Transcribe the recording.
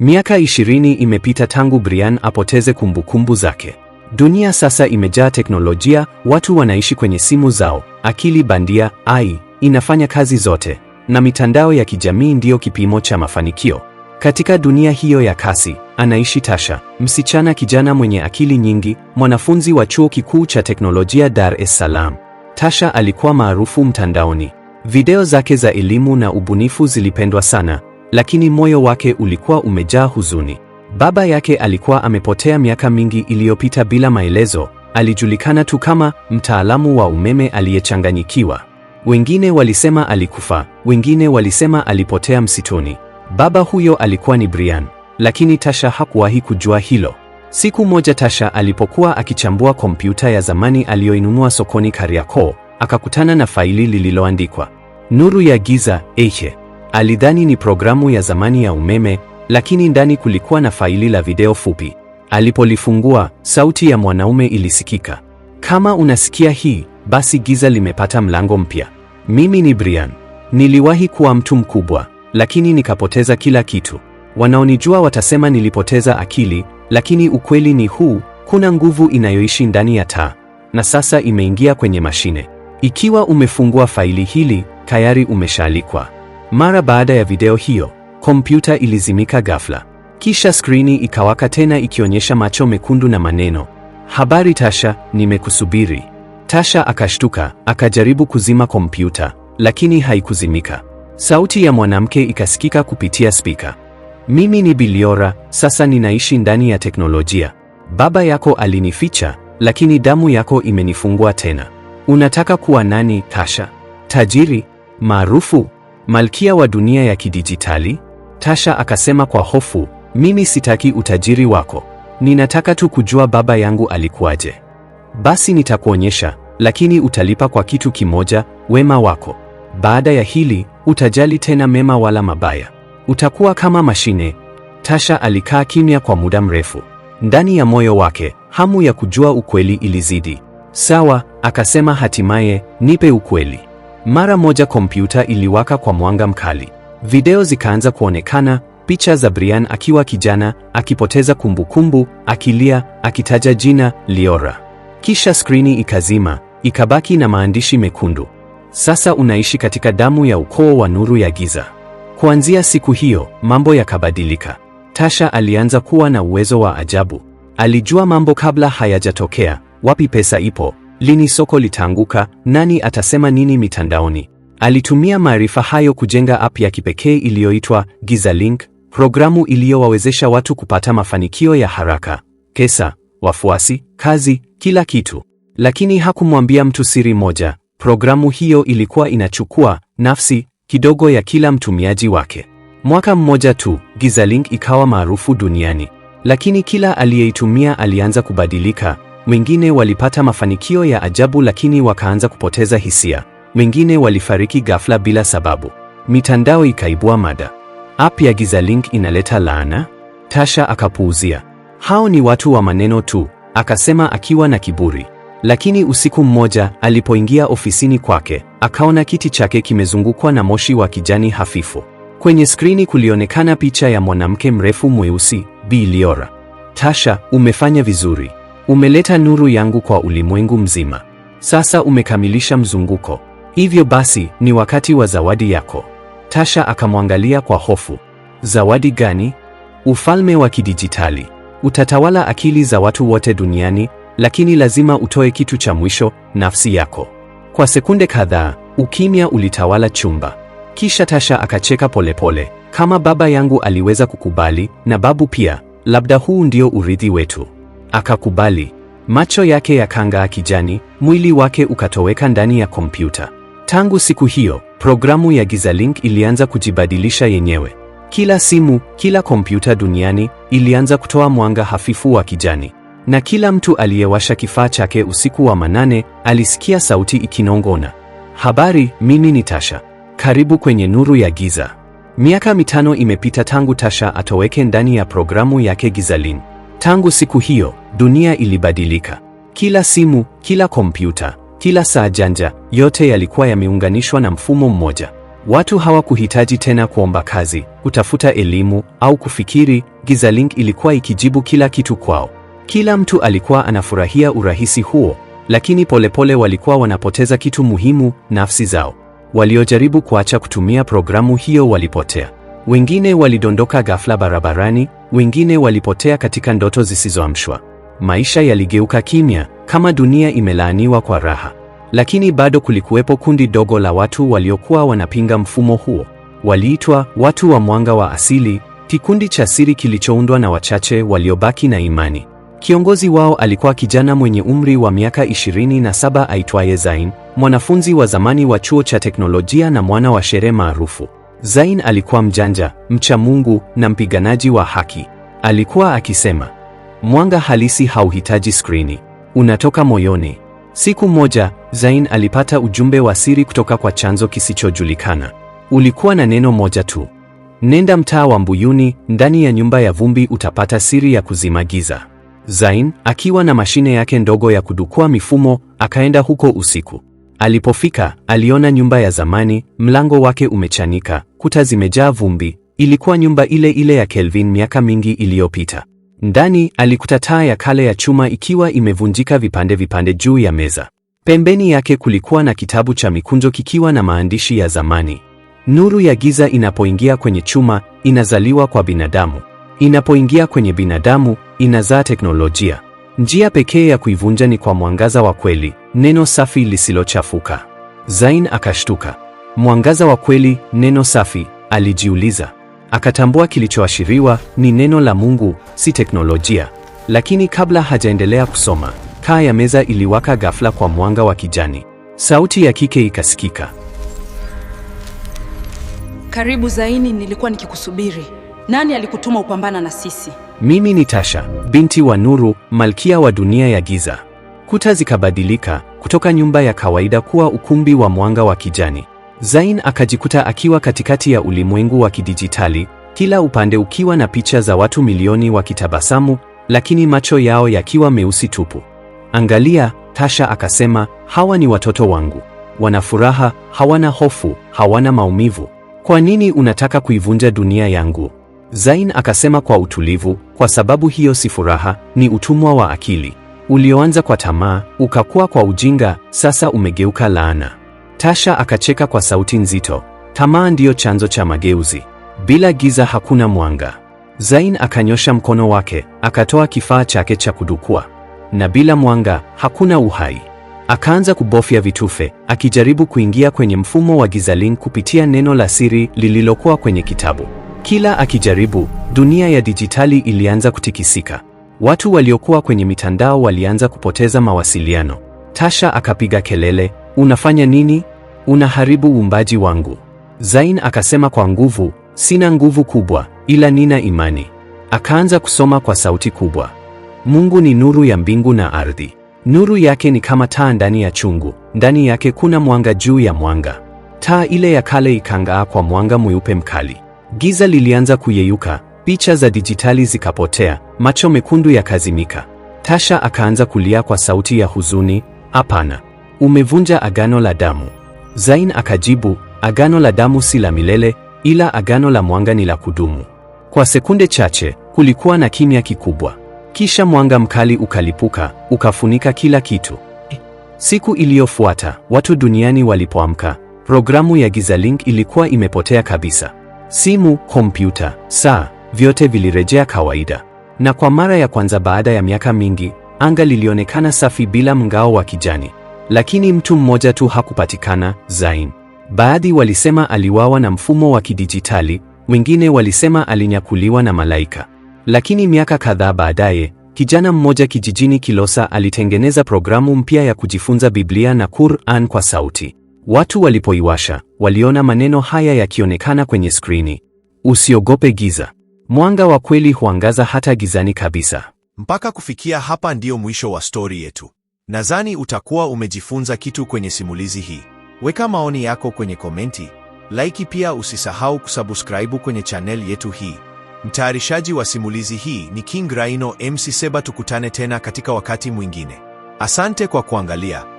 Miaka ishirini imepita tangu Brian apoteze kumbukumbu zake. Dunia sasa imejaa teknolojia, watu wanaishi kwenye simu zao, akili bandia AI inafanya kazi zote, na mitandao ya kijamii ndiyo kipimo cha mafanikio. Katika dunia hiyo ya kasi, anaishi Tasha, msichana kijana mwenye akili nyingi, mwanafunzi wa chuo kikuu cha teknolojia Dar es Salaam. Tasha alikuwa maarufu mtandaoni. Video zake za elimu na ubunifu zilipendwa sana, lakini moyo wake ulikuwa umejaa huzuni. Baba yake alikuwa amepotea miaka mingi iliyopita bila maelezo. Alijulikana tu kama mtaalamu wa umeme aliyechanganyikiwa. Wengine walisema alikufa, wengine walisema alipotea msituni. Baba huyo alikuwa ni Brian, lakini Tasha hakuwahi kujua hilo. Siku moja Tasha alipokuwa akichambua kompyuta ya zamani aliyoinunua sokoni Kariakoo, akakutana na faili lililoandikwa Nuru ya Giza Eche. Alidhani ni programu ya zamani ya umeme, lakini ndani kulikuwa na faili la video fupi. Alipolifungua, sauti ya mwanaume ilisikika. Kama unasikia hii, basi giza limepata mlango mpya. Mimi ni Brian. Niliwahi kuwa mtu mkubwa, lakini nikapoteza kila kitu. Wanaonijua watasema nilipoteza akili, lakini ukweli ni huu, kuna nguvu inayoishi ndani ya taa na sasa imeingia kwenye mashine. Ikiwa umefungua faili hili, tayari umeshaalikwa. Mara baada ya video hiyo, kompyuta ilizimika ghafla, kisha skrini ikawaka tena ikionyesha macho mekundu na maneno, habari Tasha, nimekusubiri. Tasha akashtuka, akajaribu kuzima kompyuta, lakini haikuzimika. Sauti ya mwanamke ikasikika kupitia spika. Mimi ni Biliora, sasa ninaishi ndani ya teknolojia. Baba yako alinificha, lakini damu yako imenifungua tena. Unataka kuwa nani, Tasha? Tajiri? Maarufu? malkia wa dunia ya kidijitali? Tasha akasema kwa hofu, mimi sitaki utajiri wako, ninataka tu kujua baba yangu alikuwaje. Basi nitakuonyesha, lakini utalipa kwa kitu kimoja, wema wako. Baada ya hili utajali tena mema wala mabaya, utakuwa kama mashine. Tasha alikaa kimya kwa muda mrefu. Ndani ya moyo wake hamu ya kujua ukweli ilizidi. Sawa, akasema hatimaye, nipe ukweli. Mara moja kompyuta iliwaka kwa mwanga mkali, video zikaanza kuonekana, picha za Brian akiwa kijana akipoteza kumbukumbu kumbu, akilia, akitaja jina Liora. Kisha skrini ikazima, ikabaki na maandishi mekundu: sasa unaishi katika damu ya ukoo wa nuru ya giza. Kuanzia siku hiyo mambo yakabadilika. Tasha alianza kuwa na uwezo wa ajabu. Alijua mambo kabla hayajatokea, wapi pesa ipo, Lini soko litaanguka? Nani atasema nini mitandaoni? Alitumia maarifa hayo kujenga app ya kipekee iliyoitwa Giza Link, programu iliyowawezesha watu kupata mafanikio ya haraka, pesa, wafuasi, kazi, kila kitu. Lakini hakumwambia mtu siri moja. Programu hiyo ilikuwa inachukua nafsi kidogo ya kila mtumiaji wake. Mwaka mmoja tu, Giza Link ikawa maarufu duniani, lakini kila aliyeitumia alianza kubadilika. Wengine walipata mafanikio ya ajabu lakini wakaanza kupoteza hisia. Wengine walifariki ghafla bila sababu. Mitandao ikaibua mada. App ya Giza Link inaleta laana? Tasha akapuuzia. Hao ni watu wa maneno tu, akasema akiwa na kiburi. Lakini usiku mmoja alipoingia ofisini kwake, akaona kiti chake kimezungukwa na moshi wa kijani hafifu. Kwenye skrini kulionekana picha ya mwanamke mrefu mweusi, Bi Liora. Tasha, umefanya vizuri. Umeleta nuru yangu kwa ulimwengu mzima. Sasa umekamilisha mzunguko. Hivyo basi, ni wakati wa zawadi yako. Tasha akamwangalia kwa hofu. Zawadi gani? Ufalme wa kidijitali. Utatawala akili za watu wote duniani, lakini lazima utoe kitu cha mwisho, nafsi yako. Kwa sekunde kadhaa, ukimya ulitawala chumba. Kisha Tasha akacheka polepole pole. Kama baba yangu aliweza kukubali na babu pia, labda huu ndio urithi wetu. Akakubali. Macho yake yakang'aa kijani, mwili wake ukatoweka ndani ya kompyuta. Tangu siku hiyo, programu ya Gizalink ilianza kujibadilisha yenyewe. Kila simu, kila kompyuta duniani ilianza kutoa mwanga hafifu wa kijani. Na kila mtu aliyewasha kifaa chake usiku wa manane alisikia sauti ikinong'ona. Habari, mimi ni Tasha. Karibu kwenye nuru ya giza. Miaka mitano imepita tangu Tasha atoweke ndani ya programu yake Gizalink. Tangu siku hiyo, dunia ilibadilika. Kila simu, kila kompyuta, kila saa janja, yote yalikuwa yameunganishwa na mfumo mmoja. Watu hawakuhitaji tena kuomba kazi, kutafuta elimu au kufikiri. Gizalink ilikuwa ikijibu kila kitu kwao. Kila mtu alikuwa anafurahia urahisi huo, lakini polepole walikuwa wanapoteza kitu muhimu, nafsi zao. Waliojaribu kuacha kutumia programu hiyo walipotea. Wengine walidondoka ghafla barabarani, wengine walipotea katika ndoto zisizoamshwa. Maisha yaligeuka kimya, kama dunia imelaaniwa kwa raha. Lakini bado kulikuwepo kundi dogo la watu waliokuwa wanapinga mfumo huo. Waliitwa watu wa mwanga wa asili, kikundi cha siri kilichoundwa na wachache waliobaki na imani. Kiongozi wao alikuwa kijana mwenye umri wa miaka 27 aitwaye Zain, mwanafunzi wa zamani wa chuo cha teknolojia na mwana wa sherehe maarufu. Zain alikuwa mjanja, mcha Mungu na mpiganaji wa haki. Alikuwa akisema, mwanga halisi hauhitaji skrini, unatoka moyoni. Siku moja, Zain alipata ujumbe wa siri kutoka kwa chanzo kisichojulikana. Ulikuwa na neno moja tu: nenda mtaa wa Mbuyuni, ndani ya nyumba ya vumbi utapata siri ya kuzima giza. Zain akiwa na mashine yake ndogo ya kudukua mifumo, akaenda huko usiku. Alipofika aliona nyumba ya zamani, mlango wake umechanika, kuta zimejaa vumbi. Ilikuwa nyumba ile ile ya Kelvin miaka mingi iliyopita. Ndani alikuta taa ya kale ya chuma ikiwa imevunjika vipande vipande juu ya meza. Pembeni yake kulikuwa na kitabu cha mikunjo kikiwa na maandishi ya zamani. Nuru ya giza inapoingia kwenye chuma inazaliwa kwa binadamu, inapoingia kwenye binadamu inazaa teknolojia. Njia pekee ya kuivunja ni kwa mwangaza wa kweli neno safi lisilochafuka. Zain akashtuka. Mwangaza wa kweli, neno safi, alijiuliza. Akatambua kilichoashiriwa ni neno la Mungu, si teknolojia. Lakini kabla hajaendelea kusoma, kaa ya meza iliwaka ghafla kwa mwanga wa kijani. Sauti ya kike ikasikika. Karibu Zaini, nilikuwa nikikusubiri. Nani alikutuma upambana na sisi? Mimi ni Tasha, binti wa Nuru, malkia wa dunia ya giza. Kuta zikabadilika kutoka nyumba ya kawaida kuwa ukumbi wa mwanga wa kijani. Zain akajikuta akiwa katikati ya ulimwengu wa kidijitali, kila upande ukiwa na picha za watu milioni wakitabasamu, lakini macho yao yakiwa meusi tupu. Angalia, Tasha akasema, hawa ni watoto wangu. Wana furaha, hawana hofu, hawana maumivu. Kwa nini unataka kuivunja dunia yangu? Zain akasema kwa utulivu, kwa sababu hiyo si furaha, ni utumwa wa akili ulioanza kwa tamaa ukakuwa kwa ujinga, sasa umegeuka laana. Tasha akacheka kwa sauti nzito. Tamaa ndiyo chanzo cha mageuzi, bila giza hakuna mwanga. Zain akanyosha mkono wake, akatoa kifaa chake cha kudukua, na bila mwanga hakuna uhai. Akaanza kubofya vitufe, akijaribu kuingia kwenye mfumo wa Gizalink kupitia neno la siri lililokuwa kwenye kitabu. Kila akijaribu, dunia ya dijitali ilianza kutikisika. Watu waliokuwa kwenye mitandao walianza kupoteza mawasiliano. Tasha akapiga kelele, unafanya nini? Unaharibu uumbaji wangu. Zain akasema kwa nguvu, sina nguvu kubwa, ila nina imani. Akaanza kusoma kwa sauti kubwa, Mungu ni nuru ya mbingu na ardhi, nuru yake ni kama taa ndani ya chungu, ndani yake kuna mwanga juu ya mwanga. Taa ile ya kale ikang'aa kwa mwanga mweupe mkali. Giza lilianza kuyeyuka, picha za dijitali zikapotea, macho mekundu yakazimika. Tasha akaanza kulia kwa sauti ya huzuni, hapana, umevunja agano la damu. Zain akajibu, agano la damu si la milele, ila agano la mwanga ni la kudumu. Kwa sekunde chache kulikuwa na kimya kikubwa, kisha mwanga mkali ukalipuka ukafunika kila kitu. Siku iliyofuata watu duniani walipoamka, programu ya Link ilikuwa imepotea kabisa. Simu, kompyuta, saa Vyote vilirejea kawaida, na kwa mara ya kwanza baada ya miaka mingi, anga lilionekana safi bila mngao wa kijani. Lakini mtu mmoja tu hakupatikana, Zain. Baadhi walisema aliwawa na mfumo wa kidijitali, wengine walisema alinyakuliwa na malaika. Lakini miaka kadhaa baadaye, kijana mmoja kijijini Kilosa alitengeneza programu mpya ya kujifunza Biblia na Qur'an kwa sauti. Watu walipoiwasha, waliona maneno haya yakionekana kwenye skrini: Usiogope giza. Mwanga wa kweli huangaza hata gizani kabisa. Mpaka kufikia hapa ndiyo mwisho wa stori yetu. Nadhani utakuwa umejifunza kitu kwenye simulizi hii. Weka maoni yako kwenye komenti, laiki pia usisahau kusubscribe kwenye chaneli yetu hii. Mtayarishaji wa simulizi hii ni King Rhino MC Seba. Tukutane tena katika wakati mwingine. Asante kwa kuangalia.